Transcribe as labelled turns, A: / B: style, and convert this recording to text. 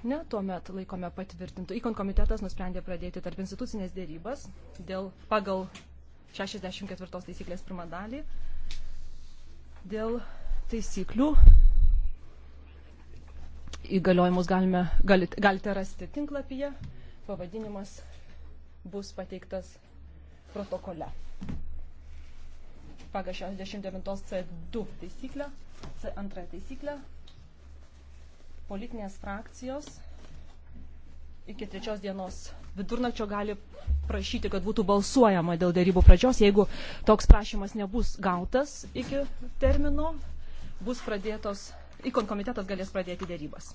A: Ne, tuomet laikome patvirtintų. Ikon komitetas nusprendė pradėti tarp institucinės dėrybas dėl pagal 64 taisyklės pirmą dalį dėl taisyklių įgaliojimus galime, galite, galite rasti tinklapyje, pavadinimas bus pateiktas protokole. Pagal 69 C2 taisyklę, C2 taisyklę politinės frakcijos iki trečios dienos vidurnakčio gali prašyti, kad būtų balsuojama dėl dėrybų pradžios. Jeigu toks prašymas nebus gautas iki termino, bus pradėtos, ikon komitetas galės pradėti dėrybas.